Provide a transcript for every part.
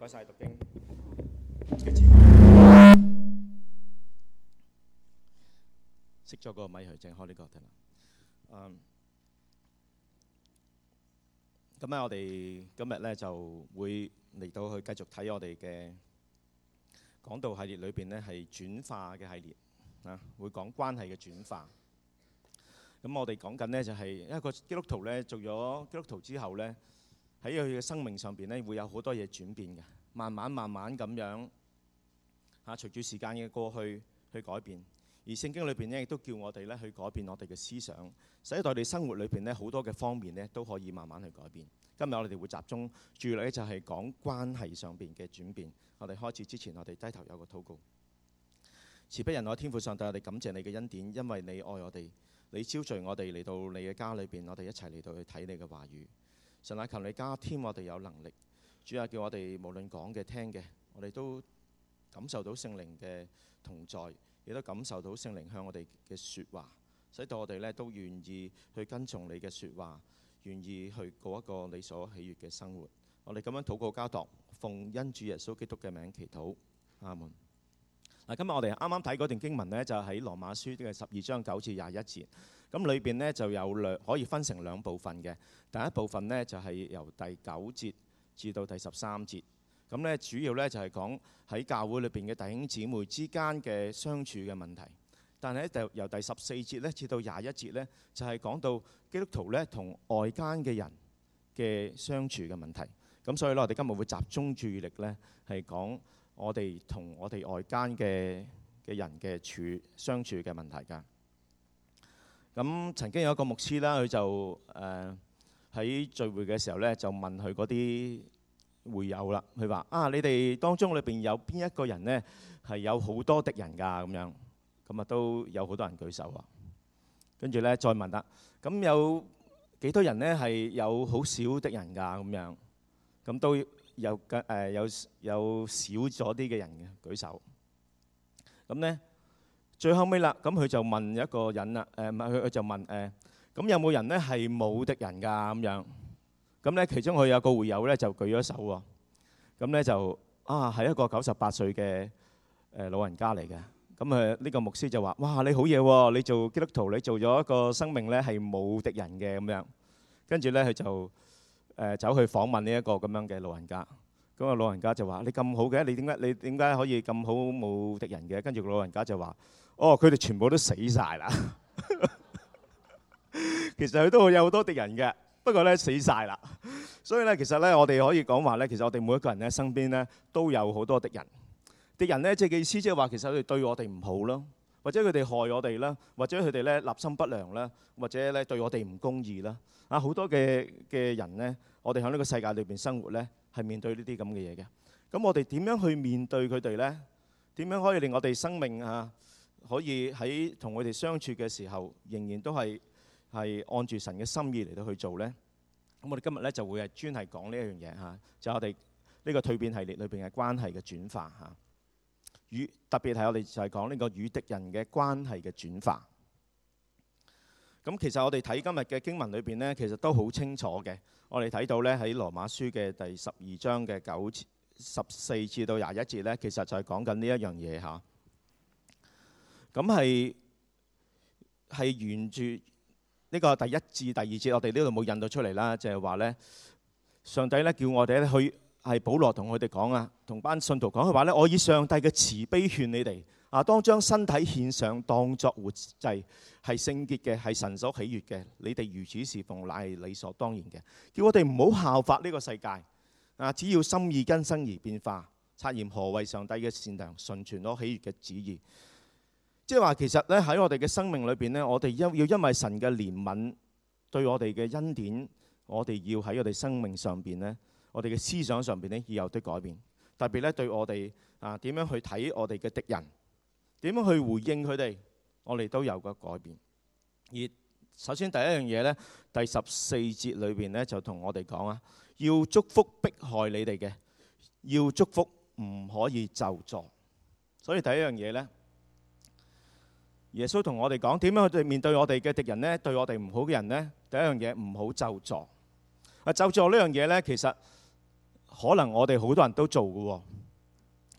改曬讀經嘅字，識咗個米去正開呢個，嗯。咁、嗯、啊，我哋今日咧就會嚟到去繼續睇我哋嘅講道系列裏邊呢，係轉化嘅系列啊，會講關係嘅轉化。咁我哋講緊呢就係一個基督徒咧做咗基督徒之後咧。喺佢嘅生命上邊咧，會有好多嘢轉變嘅，慢慢慢慢咁樣嚇，隨住時間嘅過去去改變。而聖經裏邊呢，亦都叫我哋咧去改變我哋嘅思想，使到我哋生活裏邊呢，好多嘅方面呢都可以慢慢去改變。今日我哋會集中注意力就係講關係上邊嘅轉變。我哋開始之前，我哋低頭有個禱告。慈悲仁愛天父上帝，我哋感謝你嘅恩典，因為你愛我哋，你招聚我哋嚟到你嘅家裏邊，我哋一齊嚟到去睇你嘅話語。神啊，求你加添我哋有能力。主啊，叫我哋無論講嘅、聽嘅，我哋都感受到聖靈嘅同在，亦都感受到聖靈向我哋嘅說話，使到我哋咧都願意去跟從你嘅說話，願意去過一個你所喜悅嘅生活。我哋咁樣禱告交託，奉恩主耶穌基督嘅名祈禱，阿門。嗱，今日我哋啱啱睇嗰段經文咧，就喺、是《羅馬書》嘅十二章九至廿一節。咁裏邊咧就有兩，可以分成兩部分嘅。第一部分咧就係、是、由第九節至到第十三節。咁咧主要咧就係、是、講喺教會裏邊嘅弟兄姊妹之間嘅相處嘅問題。但係咧由第十四節咧至到廿一節咧，就係、是、講到基督徒咧同外間嘅人嘅相處嘅問題。咁所以咧，我哋今日會集中注意力咧係講。我哋同我哋外間嘅嘅人嘅處相處嘅問題㗎。咁曾經有一個牧師啦，佢就誒喺，呃，聚會嘅時候呢，就問佢嗰啲會友啦，佢話：啊，你哋當中裏邊有邊一個人呢？係有好多敵人㗎？咁樣咁啊都有好多人舉手啊。跟住呢，再問啦，咁有幾多人呢？係有好少敵人㗎？咁樣咁都。有嘅誒有有少咗啲嘅人嘅舉手，咁咧最後尾啦，咁佢就問一個人啦，誒唔係佢佢就問誒，咁有冇人咧係冇敵人㗎咁樣？咁咧其中佢有個會友咧就舉咗手喎，咁咧就啊係一個九十八歲嘅誒老人家嚟嘅，咁誒呢個牧師就話：哇，你好嘢喎，你做基督徒你做咗一個生命咧係冇敵人嘅咁樣。跟住咧佢就。誒走去訪問呢一個咁樣嘅老人家，咁啊老人家就話：你咁好嘅，你點解你點解可以咁好冇敵人嘅？跟住個老人家就話：哦，佢哋全部都死晒啦。 其實佢都有好多敵人嘅，不過咧死晒啦。所以咧，其實咧，我哋可以講話咧，其實我哋每一個人咧身邊咧都有好多敵人。敵人咧即係意思，即係話其實佢哋對我哋唔好咯，或者佢哋害我哋啦，或者佢哋咧立心不良啦，或者咧對我哋唔公義啦。啊，好多嘅嘅人咧。我哋喺呢個世界裏邊生活呢，係面對呢啲咁嘅嘢嘅。咁我哋點樣去面對佢哋呢？點樣可以令我哋生命啊，可以喺同佢哋相處嘅時候，仍然都係係按住神嘅心意嚟到去做呢？咁我哋今日呢，就會係專係講呢一樣嘢嚇，就係我哋呢個蛻變系列裏邊嘅關係嘅轉化嚇，與特別係我哋就係講呢個與敵人嘅關係嘅轉化。啊咁其實我哋睇今日嘅經文裏邊呢，其實都好清楚嘅。我哋睇到呢，喺羅馬書嘅第十二章嘅九至十四至到廿一節呢，其實就係講緊呢一樣嘢嚇。咁係係沿住呢、這個第一至第二節，我哋呢度冇印到出嚟啦，就係話呢，上帝呢叫我哋去係保羅同佢哋講啊，同班信徒講嘅話呢，我以上帝嘅慈悲勸你哋。啊！當將身體獻上，當作活祭，係聖潔嘅，係神所喜悅嘅。你哋如此侍奉，乃係理所當然嘅。叫我哋唔好效法呢個世界啊！只要心意更新而變化，察驗何為上帝嘅善良，純全可喜悅嘅旨意。即係話，其實咧喺我哋嘅生命裏邊咧，我哋要要因為神嘅憐憫對我哋嘅恩典，我哋要喺我哋生命上邊咧，我哋嘅思想上邊咧要有啲改變，特別咧對我哋啊點樣去睇我哋嘅敵人。點樣去回應佢哋？我哋都有個改變。而首先第一樣嘢呢，第十四節裏邊呢，就同我哋講啊，要祝福迫害你哋嘅，要祝福唔可以咒詛。所以第一樣嘢呢，耶穌同我哋講，點樣去面對我哋嘅敵人呢？對我哋唔好嘅人呢？第一樣嘢唔好咒詛。啊，咒詛呢樣嘢呢，其實可能我哋好多人都做㗎喎，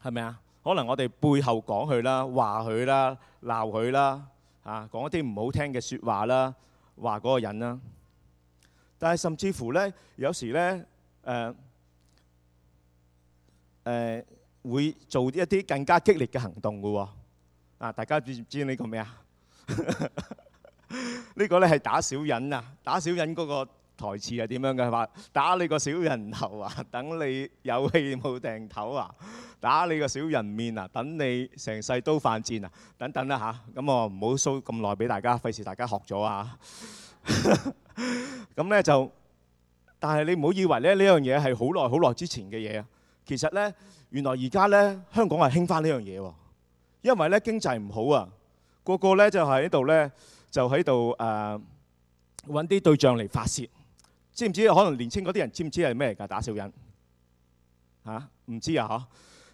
係咪啊？可能我哋背後講佢啦，話佢啦，鬧佢啦，啊，講一啲唔好聽嘅説話啦，話嗰個人啦。但係甚至乎咧，有時咧，誒誒會做一啲更加激烈嘅行動㗎喎。啊，大家知唔知呢個咩啊？呢個咧係打小人啊，打小人嗰個。台詞係點樣嘅？係打你個小人頭啊！等你有氣冇掟頭啊！打你個小人面啊！等你成世都犯賤啊！等等啦、啊、吓，咁、啊、我唔好蘇咁耐俾大家，費事大家學咗啊！咁呢，就，但係你唔好以為呢呢樣嘢係好耐好耐之前嘅嘢啊！其實呢，原來而家呢，香港係興返呢樣嘢喎，因為呢經濟唔好啊，個個呢就係喺度呢，就喺度誒揾啲對象嚟發泄。知唔知？可能年青嗰啲人知唔知係咩嚟㗎？打小人嚇唔、啊、知啊嗬！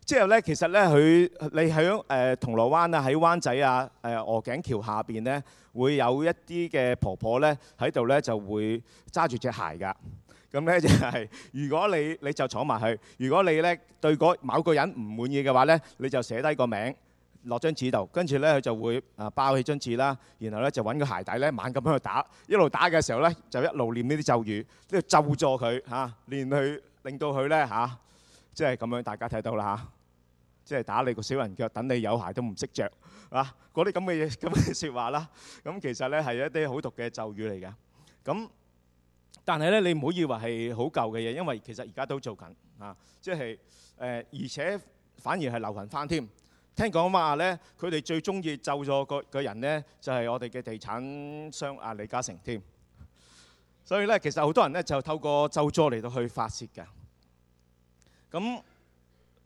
之後咧，其實咧，佢你喺誒、呃、銅鑼灣啊，喺灣仔啊，誒、呃、鵝頸橋下邊咧，會有一啲嘅婆婆咧喺度咧，就會揸住隻鞋㗎。咁咧就係、是、如果你你就坐埋去，如果你咧對某個人唔滿意嘅話咧，你就寫低個名，落張紙度，跟住呢佢就會啊包起張紙啦，然後呢就揾個鞋底呢猛咁喺度打，一路打嘅時候呢就一路唸呢啲咒語，呢度咒助佢嚇，連佢令到佢呢嚇，即係咁樣大家睇到啦嚇，即係打你個小人腳，等你有鞋都唔識著啊！嗰啲咁嘅嘢咁嘅説話啦，咁其實呢係一啲好毒嘅咒語嚟嘅。咁但係呢你唔好以為係好舊嘅嘢，因為其實而家都做緊啊，即係誒，而且反而係流行翻添。聽講話咧，佢哋最中意咒詛嗰個人咧，就係我哋嘅地產商啊，李嘉誠添。所以咧，其實好多人咧就透過咒詛嚟到去發洩嘅。咁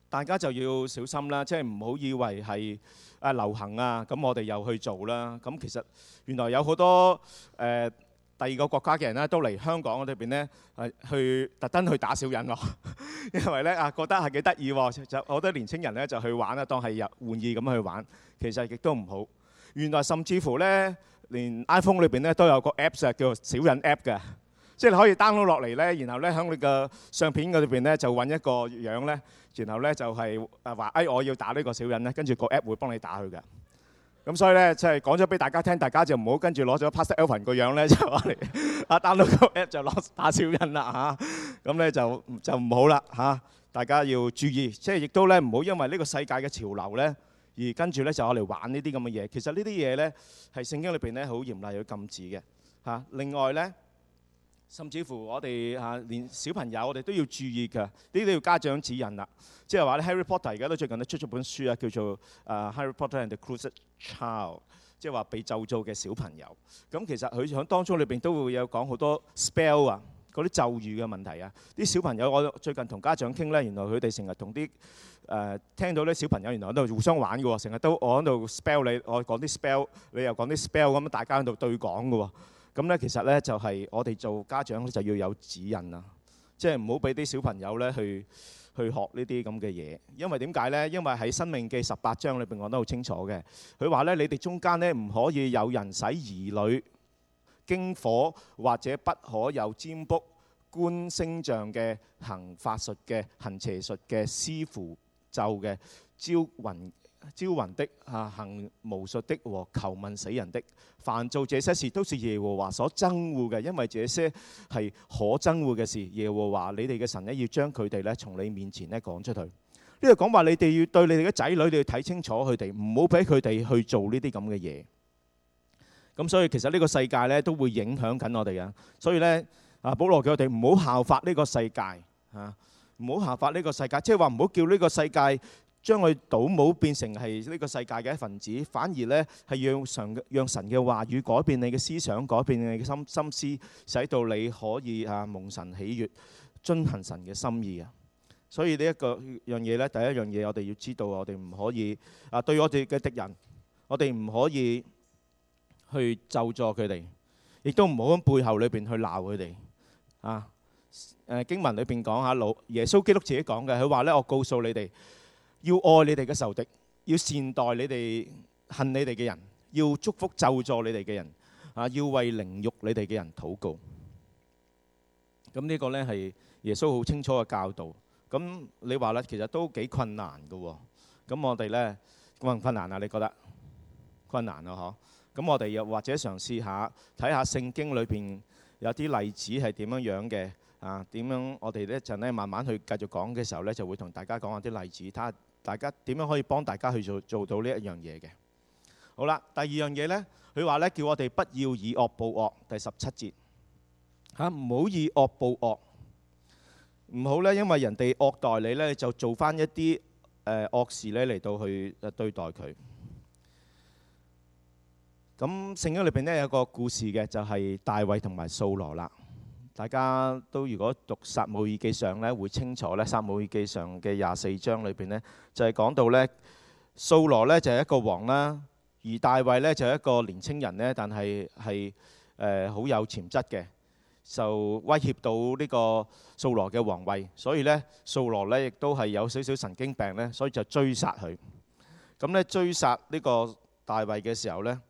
大家就要小心啦，即係唔好以為係誒流行啊，咁我哋又去做啦。咁其實原來有好多誒。第二個國家嘅人咧都嚟香港裏邊咧，誒去特登去打小人咯，因為咧啊覺得係幾得意喎，就好多年青人咧就去玩啦，當係入玩意咁去玩，其實亦都唔好。原來甚至乎咧，連 iPhone 裏邊咧都有個 Apps 叫做小人 App 嘅，即係可以 download 落嚟咧，然後咧喺你個相片嗰裏邊咧就揾一個樣咧，然後咧就係誒話誒我要打呢個小人咧，跟住個 App 會幫你打佢㗎。咁所以咧，即係講咗俾大家聽，大家就唔好跟住攞咗《Passion Island》個樣咧，就攞嚟 download 個 App 就攞打小人啦嚇。咁咧就就唔好啦嚇，大家要注意，即係亦都咧唔好因為呢個世界嘅潮流咧，而跟住咧就我哋玩呢啲咁嘅嘢。其實呢啲嘢咧係聖經裏邊咧好嚴厲要禁止嘅嚇。另外咧，甚至乎我哋嚇連小朋友我哋都要注意㗎，呢啲要家長指引啦。即係話咧，《Harry Potter》而家都最近都出咗本書啊，叫做《誒 Harry Potter and the Cursed》。child，即係話被咒做嘅小朋友。咁其實佢響當中裏邊都會有講好多 spell 啊，嗰啲咒語嘅問題啊。啲小朋友我最近同家長傾呢，原來佢哋成日同啲誒聽到啲小朋友原來喺度互相玩嘅喎，成日都我喺度 spell 你，我講啲 spell，你又講啲 spell，咁大家喺度對講嘅喎。咁呢，其實呢就係我哋做家長咧就要有指引啊，即係唔好俾啲小朋友呢去。去學呢啲咁嘅嘢，因為點解呢？因為喺《申命記》十八章裏邊講得好清楚嘅，佢話呢，你哋中間呢，唔可以有人使兒女經火或者不可有占卜、觀星象嘅行法術嘅行邪術嘅師傅咒嘅招魂。招魂的、啊行巫術的和求問死人的，凡做這些事都是耶和華所憎惡嘅，因為這些係可憎惡嘅事。耶和華，你哋嘅神咧，要將佢哋咧從你面前咧趕出去。呢個講話，你哋要對你哋嘅仔女，你要睇清楚佢哋，唔好俾佢哋去做呢啲咁嘅嘢。咁所以其實呢個世界咧都會影響緊我哋呀，所以呢，阿保羅叫我哋唔好效法呢個世界，吓唔好效法呢個世界，即係話唔好叫呢個世界，將佢倒模變成係呢個世界嘅一份子，反而呢係讓神讓神嘅話語改變你嘅思想，改變你嘅心心思，使到你可以啊蒙神喜悅，遵行神嘅心意啊。所以呢一個樣嘢呢，第一樣嘢我哋要知道，我哋唔可以啊對我哋嘅敵人，我哋唔可以去咒詛佢哋，亦都唔好喺背後裏邊去鬧佢哋啊。誒經文裏邊講下，老耶穌基督自己講嘅，佢話呢：「我告訴你哋。要愛你哋嘅仇敵，要善待你哋恨你哋嘅人，要祝福咒詛你哋嘅人，啊，要為凌辱你哋嘅人禱告。咁呢個呢，係耶穌好清楚嘅教導。咁你話呢，其實都幾困難噶。咁我哋呢，困唔困難啊？你覺得？困難咯，啊，嗬？咁我哋又或者嘗試下睇下聖經裏邊有啲例子係點樣樣嘅啊？點樣？我哋一陣呢，慢慢去繼續講嘅時候呢，就會同大家講下啲例子，睇下。大家點樣可以幫大家去做做到呢一樣嘢嘅？好啦，第二樣嘢呢，佢話呢叫我哋不要以惡報惡。第十七節嚇，啊，唔好以惡報惡，唔好呢，因為人哋惡待你，你、呃、惡呢，就做翻一啲惡事呢嚟到去對待佢。咁聖經裏邊呢，有個故事嘅，就係大衛同埋掃羅啦。大家都如果讀撒母耳記上咧，會清楚咧。撒母耳記上嘅廿四章裏邊咧，就係、是、講到呢掃羅呢就係、是、一個王啦，而大衛呢就係、是、一個年青人呢，但係係誒好有潛質嘅，就威脅到呢個掃羅嘅皇位，所以呢，掃羅呢亦都係有少少神經病呢，所以就追殺佢。咁呢，追殺呢個大衛嘅時候呢，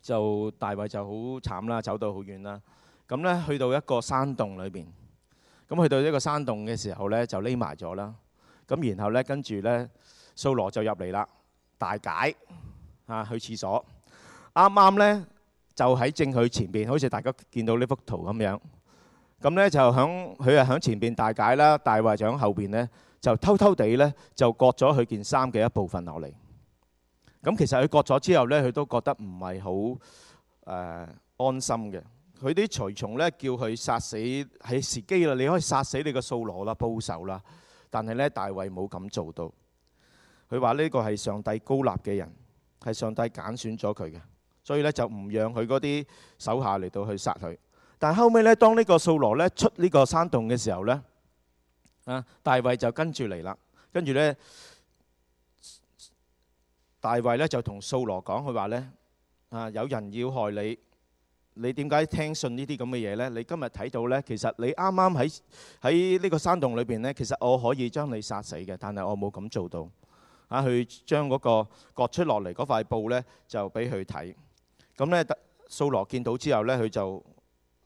就大衛就好慘啦，走到好遠啦。咁咧，去到一個山洞裏邊。咁去到一個山洞嘅時候咧，就匿埋咗啦。咁然後咧，跟住咧，掃羅就入嚟啦，大解啊，去廁所。啱啱咧就喺正佢前邊，好似大家見到呢幅圖咁樣。咁咧就響佢啊，響前邊大解啦。大衛就響後邊咧，就偷偷地咧就割咗佢件衫嘅一部分落嚟。咁其實佢割咗之後咧，佢都覺得唔係好誒安心嘅。佢啲隨從呢，叫佢殺死喺時機啦，你可以殺死你個掃羅啦、報仇啦，但係呢，大衛冇咁做到。佢話呢個係上帝高立嘅人，係上帝揀選咗佢嘅，所以呢就唔讓佢嗰啲手下嚟到去殺佢。但係後尾呢，當呢個掃羅呢出呢個山洞嘅時候呢，啊大衛就跟住嚟啦，跟住呢，大衛呢就同掃羅講，佢話呢，啊有人要害你。你點解聽信呢啲咁嘅嘢呢？你今日睇到呢，其實你啱啱喺喺呢個山洞裏邊呢，其實我可以將你殺死嘅，但係我冇咁做到。啊，佢將嗰個割出落嚟嗰塊布呢，就俾佢睇。咁呢，掃羅見到之後呢，佢就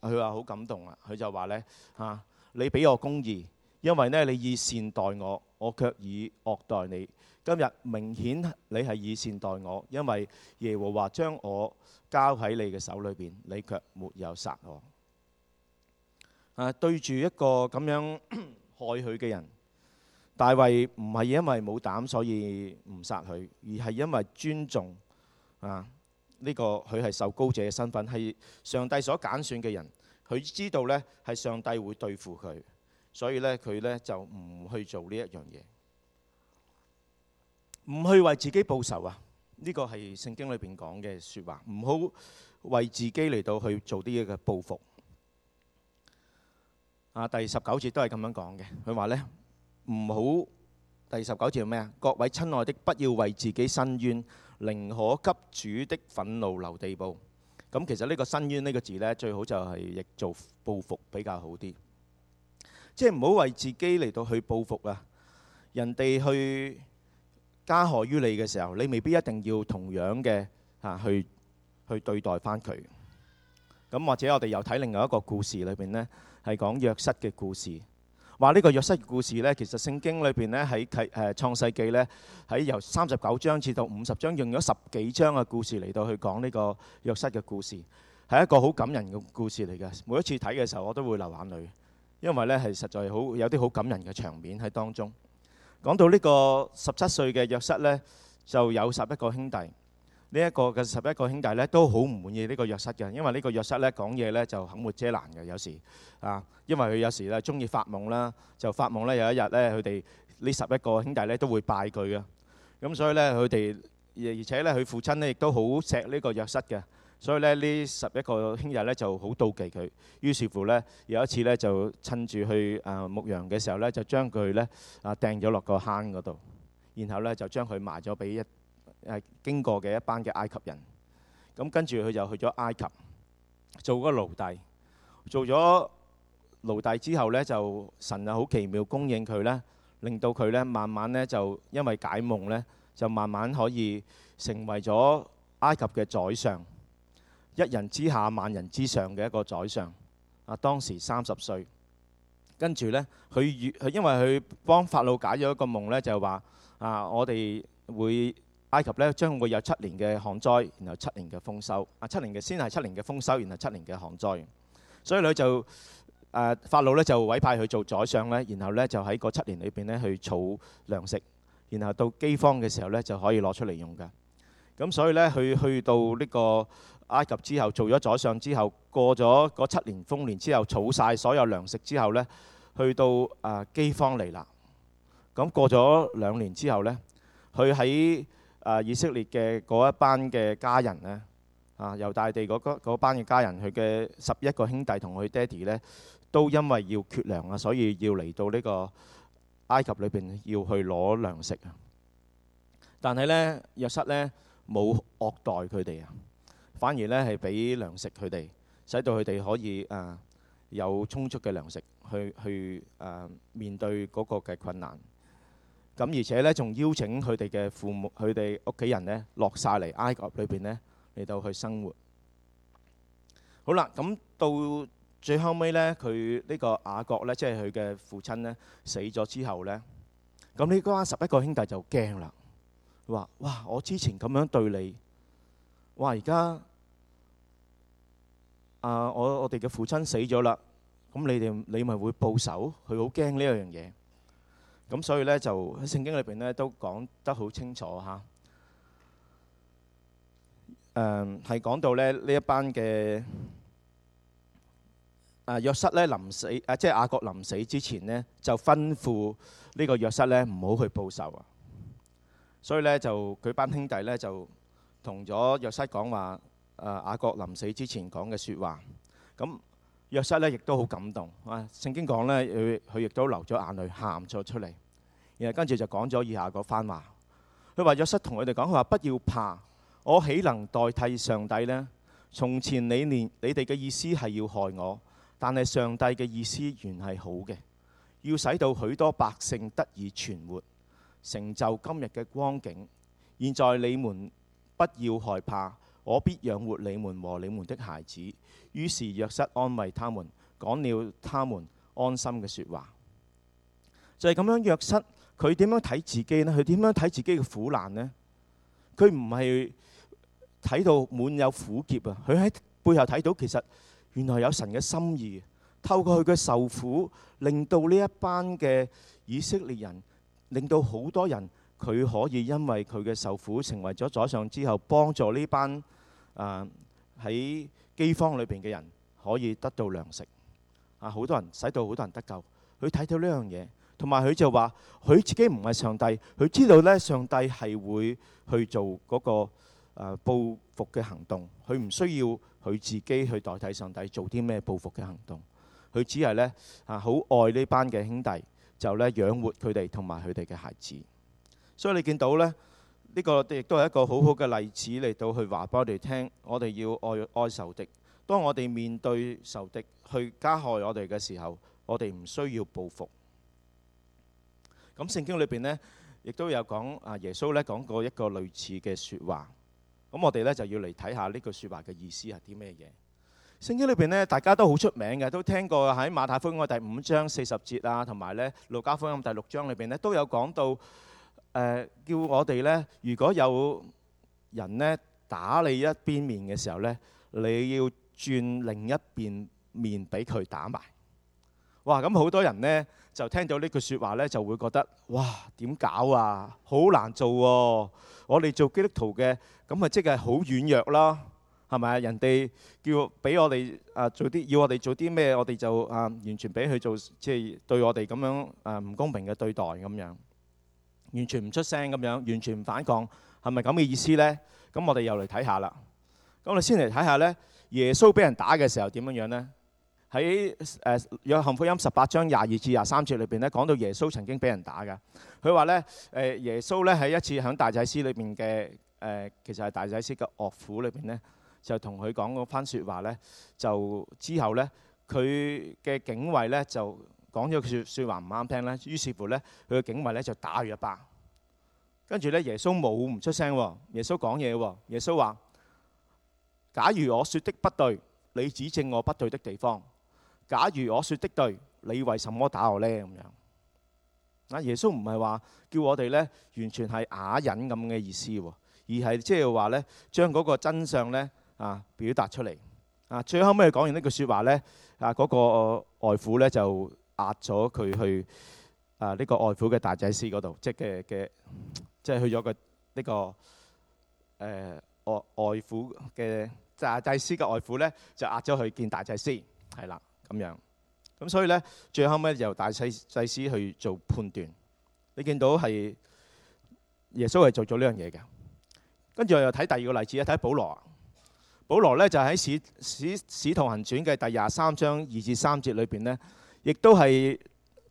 佢話好感動啊！佢就話呢，啊，你俾我公義。因為你以善待我，我卻以惡待你。今日明顯你係以善待我，因為耶和華將我交喺你嘅手裏邊，你卻沒有殺我。啊，對住一個咁樣咳咳害佢嘅人，大衛唔係因為冇膽所以唔殺佢，而係因為尊重啊呢、這個佢係受膏者嘅身份，係上帝所揀選嘅人，佢知道呢係上帝會對付佢。所以呢，佢呢就唔去做呢一樣嘢，唔去為自己報仇啊！呢個係聖經裏邊講嘅説話，唔好為自己嚟到去做啲嘅報復。啊，第十九節都係咁樣講嘅，佢話呢：「唔好第十九節係咩啊？各位親愛的，不要為自己申冤，寧可給主的憤怒留地步。咁其實呢個申冤呢個字呢，最好就係亦做報復比較好啲。即係唔好為自己嚟到去報復啊！人哋去加害於你嘅時候，你未必一定要同樣嘅啊去去對待返佢。咁或者我哋又睇另外一個故事裏邊呢，係講約瑟嘅故事。話呢個約瑟嘅故事呢，其實聖經裏邊呢，喺《啟誒創世記》呢，喺由三十九章至到五十章，用咗十幾章嘅故事嚟到去講呢個約瑟嘅故事，係一個好感人嘅故事嚟嘅。每一次睇嘅時候，我都會流眼淚。因為咧係實在好有啲好感人嘅場面喺當中。講到呢個十七歲嘅約瑟呢，就有十一個兄弟。呢、這、一個嘅十一個兄弟呢，都好唔滿意呢個約瑟嘅，因為呢個約瑟呢講嘢呢就口沒遮攔嘅，有時啊。因為佢有時咧中意發夢啦，就發夢呢，有一日呢，佢哋呢十一個兄弟呢都會拜佢嘅。咁所以呢，佢哋而且呢，佢父親呢亦都好錫呢個約瑟嘅。所以咧，呢十一個兄弟咧就好妒忌佢。於是乎呢，有一次呢就趁住去牧羊嘅時候呢，就將佢呢啊掟咗落個坑嗰度，然後呢就將佢賣咗俾一誒經過嘅一班嘅埃及人。咁跟住佢就去咗埃及做個奴隸，做咗奴隸之後呢，就神啊好奇妙供應佢呢，令到佢呢慢慢呢，就因為解夢呢，就慢慢可以成為咗埃及嘅宰相。一人之下，萬人之上嘅一個宰相啊！當時三十歲，跟住呢，佢越因為佢幫法老解咗一個夢呢，就係話啊，我哋會埃及呢將會有七年嘅旱災，然後七年嘅豐收啊，七年嘅先係七年嘅豐收，然後七年嘅旱災。所以佢就、啊、法老呢就委派佢做宰相呢，然後呢就喺個七年裏邊呢去儲糧食，然後到饑荒嘅時候呢就可以攞出嚟用㗎。咁所以咧，去去到呢個埃及之後，做咗宰相之後，過咗嗰七年豐年之後，儲曬所有糧食之後咧，去到啊饑荒嚟啦。咁過咗兩年之後咧，佢喺啊以色列嘅嗰一班嘅家人咧，啊猶大地嗰嗰嗰班嘅家人，佢嘅十一個兄弟同佢爹哋咧，都因為要缺糧啦，所以要嚟到呢個埃及裏邊要去攞糧食啊。但係咧，約瑟咧。冇惡待佢哋啊，反而咧係俾糧食佢哋，使到佢哋可以誒有充足嘅糧食去去誒面對嗰個嘅困難。咁而且咧，仲邀請佢哋嘅父母、佢哋屋企人咧落曬嚟埃及裏邊咧嚟到去生活。好啦，咁到最後尾咧，佢呢個雅各咧，即係佢嘅父親咧死咗之後咧，咁呢嗰班十一個兄弟就驚啦。話哇！我之前咁樣對你，哇！而家啊，我我哋嘅父親死咗啦，咁你哋你咪會報仇？佢好驚呢樣嘢，咁所以咧就喺聖經裏邊咧都講得好清楚嚇。誒係講到咧呢一班嘅啊約瑟咧臨死啊，即係雅各臨死之前咧就吩咐呢個約瑟咧唔好去報仇啊。所以咧就佢班兄弟咧就同咗約瑟講話。誒雅各臨死之前講嘅説話。咁約瑟呢，亦都好感動，啊聖經講呢，佢佢亦都流咗眼淚，喊咗出嚟。然後跟住就講咗以下嗰番話。佢話約瑟同佢哋講，佢話不要怕，我豈能代替上帝呢？從前你連你哋嘅意思係要害我，但係上帝嘅意思原係好嘅，要使到許多百姓得以存活，成就今日嘅光景。現在你們不要害怕，我必養活你們和你們的孩子。於是約瑟安慰他們，講了他們安心嘅說話。就係咁樣，約瑟佢點樣睇自己呢？佢點樣睇自己嘅苦難呢？佢唔係睇到滿有苦澀啊！佢喺背後睇到，其實原來有神嘅心意，透過佢嘅受苦，令到呢一班嘅以色列人。令到好多人，佢可以因為佢嘅受苦成為咗宰相之後，幫助呢班啊喺饑荒裏邊嘅人可以得到糧食啊！好多人，使到好多人得救。佢睇到呢樣嘢，同埋佢就話：佢自己唔係上帝，佢知道咧上帝係會去做嗰個啊報復嘅行動。佢唔需要佢自己去代替上帝做啲咩報復嘅行動。佢只係咧啊好愛呢班嘅兄弟。就咧養活佢哋同埋佢哋嘅孩子，所以你見到咧呢個亦都係一個好好嘅例子嚟到去話俾我哋聽，我哋要愛愛仇敵。當我哋面對仇敵去加害我哋嘅時候，我哋唔需要報復。咁聖經裏邊呢，亦都有講啊，耶穌呢講過一個類似嘅説話。咁我哋呢，就要嚟睇下呢句説話嘅意思係啲咩嘢。聖經裏邊咧，大家都好出名嘅，都聽過喺馬太福音第五章四十節啊，同埋咧路加福音第六章裏邊咧，都有講到誒，叫我哋咧，如果有人咧打你一邊面嘅時候咧，你要轉另一邊面俾佢打埋。哇！咁好多人咧就聽到呢句説話咧，就會覺得哇，點搞啊，好難做喎！我哋做基督徒嘅咁咪，即係好軟弱啦～係咪啊？人哋叫俾我哋啊，做啲要我哋做啲咩？我哋就啊，完全俾佢做，即、就、係、是、對我哋咁樣啊，唔公平嘅對待咁樣，完全唔出聲咁樣，完全唔反抗，係咪咁嘅意思呢？咁我哋又嚟睇下啦。咁我哋先嚟睇下呢：耶穌俾人打嘅時候點樣樣呢？喺誒《約、呃、翰福音》十八章廿二至廿三節裏邊呢，講到耶穌曾經俾人打㗎。佢話呢：「誒耶穌呢喺一次喺大祭司裏邊嘅誒，其實係大祭司嘅岳父裏邊呢。」就同佢講嗰番説話咧，就之後咧，佢嘅警衛咧就講咗句説説話唔啱聽咧，於是乎咧，佢嘅警衛咧就打佢一巴。跟住咧，耶穌冇唔出聲喎，耶穌講嘢喎，耶穌話：假如我說的不對，你指正我不對的地方；假如我說的對，你為什麼打我咧？咁樣啊，耶穌唔係話叫我哋咧完全係啞忍咁嘅意思喎，而係即係話咧將嗰個真相咧。啊，表達出嚟啊！最後尾佢講完句呢句説話咧，啊嗰、那個外父咧就壓咗佢去啊呢、這個外父嘅大祭司嗰度，即嘅嘅、啊，即係去咗、這個呢個誒外外父嘅大祭司嘅外父咧，就壓咗佢見大祭司係啦咁樣咁，所以咧最後尾由大祭祭司去做判斷。你見到係耶穌係做咗呢樣嘢嘅，跟住又睇第二個例子一睇保羅。保羅呢就喺《使使使徒行傳》嘅第廿三章二至三節裏邊呢，亦都係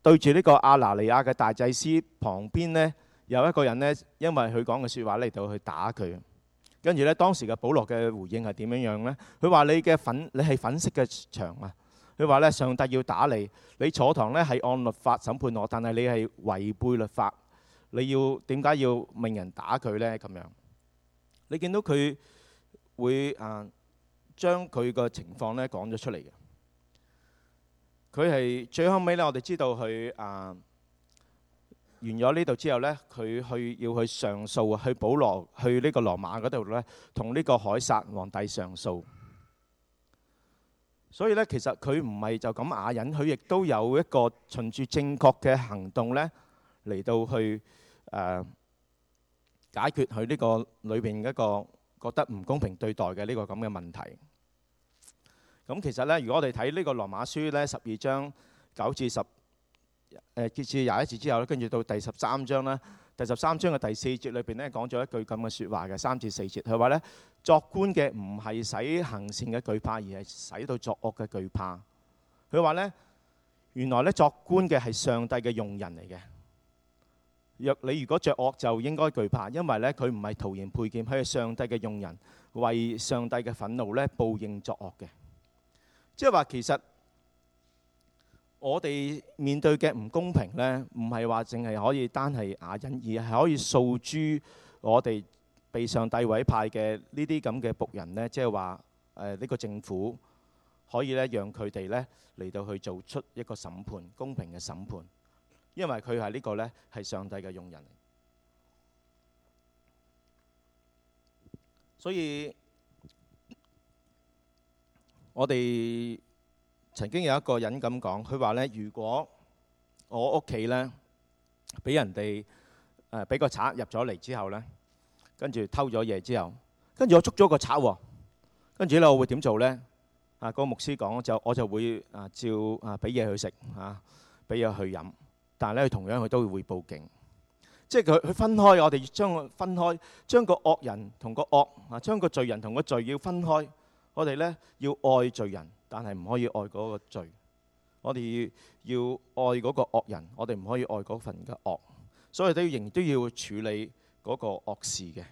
對住呢個亞拿尼亞嘅大祭司旁邊呢，有一個人呢，因為佢講嘅說話嚟到去打佢。跟住呢，當時嘅保羅嘅回應係點樣樣呢？佢話你嘅粉，你係粉色嘅牆啊！佢話呢，上帝要打你，你坐堂呢係按律法審判我，但係你係違背律法，你要點解要命人打佢呢？」咁樣，你見到佢。會啊，將佢個情況咧，講咗出嚟嘅。佢係最後尾咧，我哋知道佢啊完咗呢度之後咧，佢去要去上訴，去保羅去呢個羅馬嗰度咧，同呢個凱撒皇帝上訴。所以咧，其實佢唔係就咁啞忍，佢亦都有一個循住正確嘅行動咧，嚟到去誒解決佢呢個裏邊一個覺得唔公平對待嘅呢、這個咁嘅問題，咁其實呢，如果我哋睇呢個羅馬書呢，十二章九、呃、至十誒結至廿一字之後咧，跟住到第十三章啦，第十三章嘅第四節裏邊呢，講咗一句咁嘅説話嘅三至四節，佢話呢，作官嘅唔係使行善嘅懼怕，而係使到作惡嘅懼怕。佢話呢，原來呢，作官嘅係上帝嘅用人嚟嘅。若你如果著惡，就應該懼怕，因為咧佢唔係徒然配劍，佢係上帝嘅用人，為上帝嘅憤怒咧報應作惡嘅。即係話其實我哋面對嘅唔公平咧，唔係話淨係可以單係啞忍，而係可以訴諸我哋被上帝委派嘅呢啲咁嘅僕人咧，即係話誒呢個政府可以咧讓佢哋咧嚟到去做出一個審判，公平嘅審判。因為佢係呢個呢係上帝嘅用人，所以我哋曾經有一個人咁講，佢話呢：如果我屋企呢俾人哋誒俾個賊入咗嚟之後呢，跟住偷咗嘢之後，跟住我捉咗個賊，跟住呢我會點做呢？啊，個牧師講就我就會啊照啊俾嘢佢食啊，俾嘢佢飲，但係咧，佢同樣佢都會報警，即係佢佢分開我哋，將佢分開將個惡人同個惡啊，將個罪人同個罪要分開。我哋咧要愛罪人，但係唔可以愛嗰個罪。我哋要愛嗰個惡人，我哋唔可以愛嗰份惡。所以都仍都要處理嗰個惡事嘅。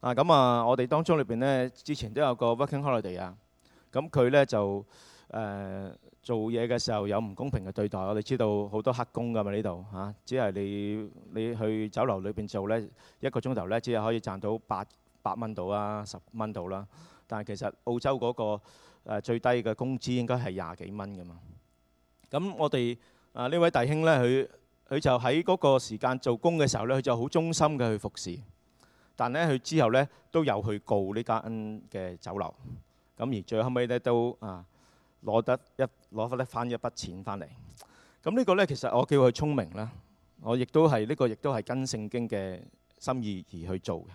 啊，咁啊，我哋當中裏邊咧，之前都有個 Working Holiday 啊，咁佢咧就誒。做嘢嘅時候有唔公平嘅對待，我哋知道好多黑工噶嘛，呢度嚇，只係你你去酒樓裏邊做咧一個鐘頭咧，只係可以賺到八八蚊到啦，十蚊到啦。但係其實澳洲嗰個誒最低嘅工資應該係廿幾蚊噶嘛。咁我哋啊呢位弟兄咧，佢佢就喺嗰個時間做工嘅時候咧，佢就好忠心嘅去服侍。但咧佢之後咧都有去告呢間嘅酒樓。咁而最後尾咧都啊～攞得一攞翻一翻一筆錢翻嚟，咁呢個呢，其實我叫佢聰明啦，我亦都係呢個亦都係跟聖經嘅心意而去做嘅，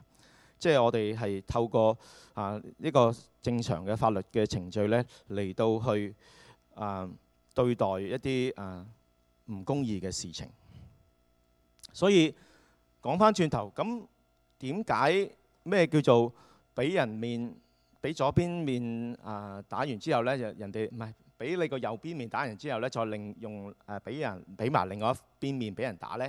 即係我哋係透過啊呢個正常嘅法律嘅程序呢，嚟到去啊對待一啲啊唔公義嘅事情，所以講翻轉頭，咁點解咩叫做俾人面？俾左邊面啊、呃、打完之後呢？就人哋唔係俾你個右邊面打完之後呢？再另用誒俾、呃、人俾埋另外另一邊面俾人打呢？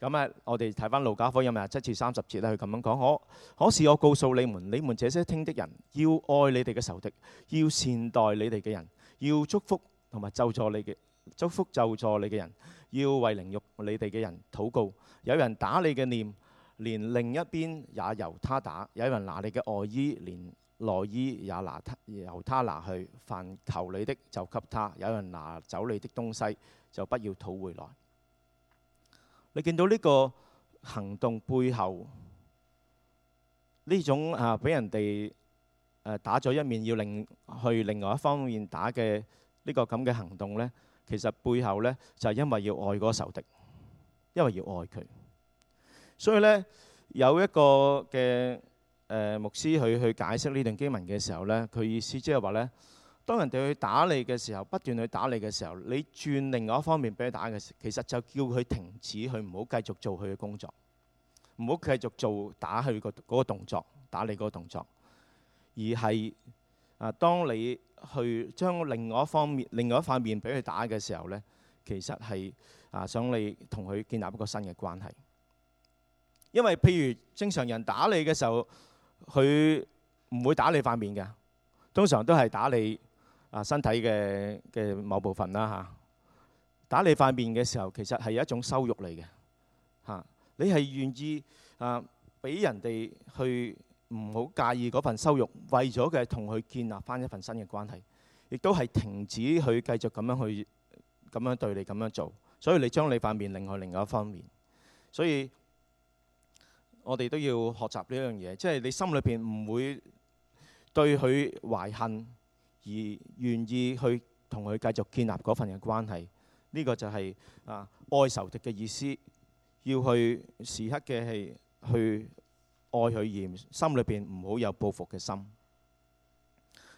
咁啊，我哋睇翻路加福音七節三十節咧，佢咁樣講，可可是我告訴你們，你們這些聽的人要愛你哋嘅仇敵，要善待你哋嘅人，要祝福同埋咒詛你嘅祝福咒詛你嘅人，要為凌辱你哋嘅人禱告。有人打你嘅臉，連另一邊也由他打；有人拿你嘅外衣，連內衣也拿他由他拿去，凡求你的就給他，有人拿走你的東西就不要討回來。你見到呢個行動背後呢種啊，俾人哋誒打咗一面，要另去另外一方面打嘅呢個咁嘅行動呢，其實背後呢就係因為要愛嗰個仇敵，因為要愛佢，所以呢有一個嘅。呃、牧師去去解釋呢段經文嘅時候呢，佢意思即係話呢：當人哋去打你嘅時候，不斷去打你嘅時候，你轉另外一方面俾佢打嘅時候，其實就叫佢停止，佢唔好繼續做佢嘅工作，唔好繼續做打佢個嗰個動作，打你嗰個動作，而係啊，當你去將另外一方面、另外一塊面俾佢打嘅時候呢，其實係啊，想你同佢建立一個新嘅關係，因為譬如正常人打你嘅時候。佢唔會打你塊面嘅，通常都係打你啊身體嘅嘅某部分啦嚇。打你塊面嘅時候，其實係一種羞辱嚟嘅嚇。你係願意啊俾人哋去唔好介意嗰份羞辱，為咗嘅同佢建立翻一份新嘅關係，亦都係停止去繼續咁樣去咁樣對你咁樣做。所以你將你塊面另外另外一方面，所以。我哋都要學習呢樣嘢，即係你心裏邊唔會對佢懷恨，而願意去同佢繼續建立嗰份嘅關係。呢、這個就係啊愛仇敵嘅意思，要去時刻嘅係去愛佢而，心裏邊唔好有報復嘅心。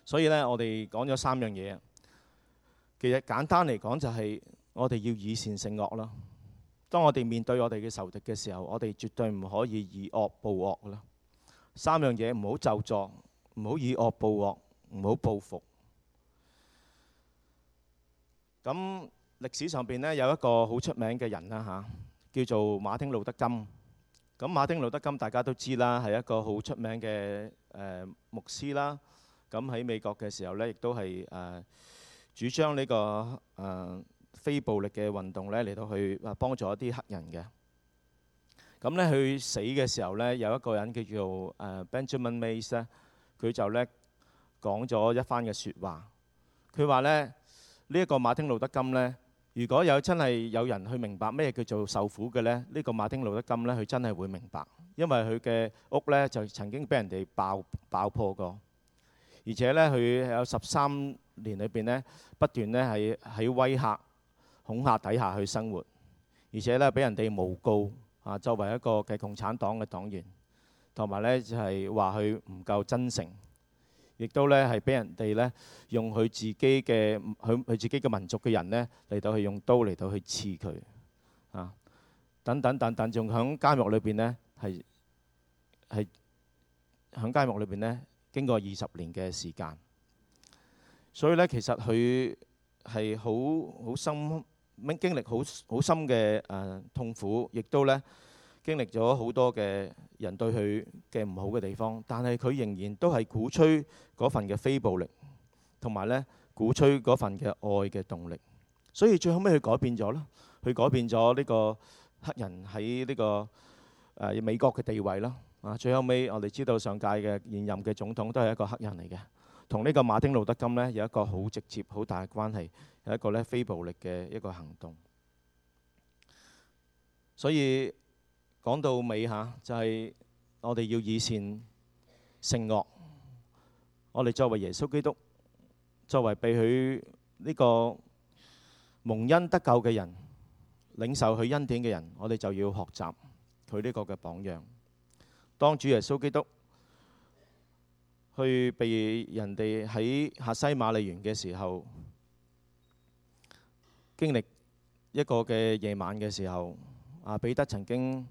所以呢，我哋講咗三樣嘢，其實簡單嚟講就係我哋要以善勝惡啦。當我哋面對我哋嘅仇敵嘅時候，我哋絕對唔可以以惡報惡啦。三樣嘢唔好就作，唔好以惡報惡，唔好報復。咁歷史上邊呢，有一個好出名嘅人啦嚇、啊，叫做馬丁路德金。咁馬丁路德金大家都知啦，係一個好出名嘅、呃、牧師啦。咁喺美國嘅時候呢，亦都係誒、呃、主張呢、這個誒。呃非暴力嘅運動呢，嚟到去啊，幫助一啲黑人嘅咁呢，佢死嘅時候呢，有一個人叫做誒 Benjamin Mays 呢，佢就呢講咗一番嘅説話。佢話呢，呢一個馬丁路德金呢，如果有真係有人去明白咩叫做受苦嘅呢，呢個馬丁路德金呢，佢真係會明白，因為佢嘅屋呢就曾經俾人哋爆爆破過，而且呢佢有十三年裏邊呢不斷呢係喺威嚇。恐嚇底下去生活，而且呢俾人哋誣告啊，作為一個嘅共產黨嘅黨員，同埋呢就係話佢唔夠真誠，亦都呢係俾人哋呢用佢自己嘅佢佢自己嘅民族嘅人呢嚟到去用刀嚟到去刺佢啊，等等等等，仲響監獄裏邊呢係係響監獄裏邊呢經過二十年嘅時間，所以呢其實佢係好好深。經歷好好深嘅誒痛苦，亦都咧經歷咗好多嘅人對佢嘅唔好嘅地方，但係佢仍然都係鼓吹嗰份嘅非暴力，同埋咧鼓吹嗰份嘅愛嘅動力。所以最後尾佢改變咗啦，佢改變咗呢個黑人喺呢個誒美國嘅地位啦。啊，最後尾我哋知道上屆嘅現任嘅總統都係一個黑人嚟嘅，同呢個馬丁路德金呢，有一個好直接、好大嘅關係。係一個咧非暴力嘅一個行動，所以講到尾下，就係我哋要以善勝惡。我哋作為耶穌基督，作為被佢呢個蒙恩得救嘅人，領受佢恩典嘅人，我哋就要學習佢呢個嘅榜樣。當主耶穌基督去被人哋喺客西馬尼園嘅時候，經歷一個嘅夜晚嘅時候，阿、啊、彼得曾經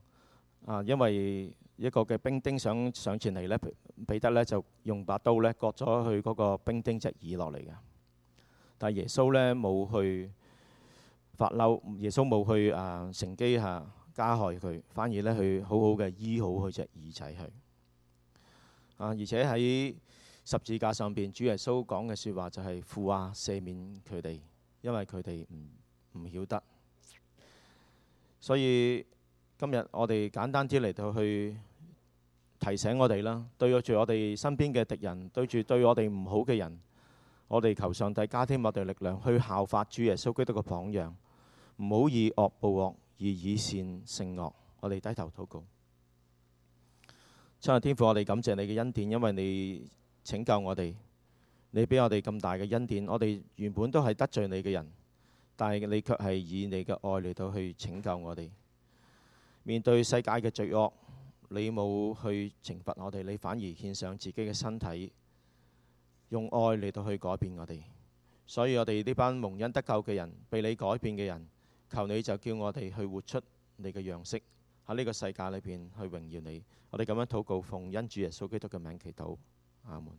啊因為一個嘅兵丁想上前嚟咧，彼得呢就用把刀呢割咗佢嗰個兵丁隻耳落嚟嘅。但耶穌呢冇去發嬲，耶穌冇去啊乘機嚇加害佢，反而呢去好好嘅醫好佢隻耳仔佢。啊而且喺十字架上邊，主耶穌講嘅説話就係，是，父啊，赦免佢哋，因為佢哋唔唔曉得，所以今日我哋簡單啲嚟到去提醒我哋啦，對住我哋身邊嘅敵人，對住對我哋唔好嘅人，我哋求上帝加添我哋力量，去效法主耶穌基督嘅榜樣，唔好以惡報惡，以以善勝惡。我哋低頭禱告，親愛的天父，我哋感謝你嘅恩典，因為你拯救我哋。你俾我哋咁大嘅恩典，我哋原本都係得罪你嘅人，但係你卻係以你嘅愛嚟到去拯救我哋。面對世界嘅罪惡，你冇去懲罰我哋，你反而獻上自己嘅身體，用愛嚟到去改變我哋。所以我哋呢班蒙恩得救嘅人，被你改變嘅人，求你就叫我哋去活出你嘅樣式，喺呢個世界裏邊去榮耀你。我哋咁樣禱告，奉恩主耶穌基督嘅名祈禱，阿門。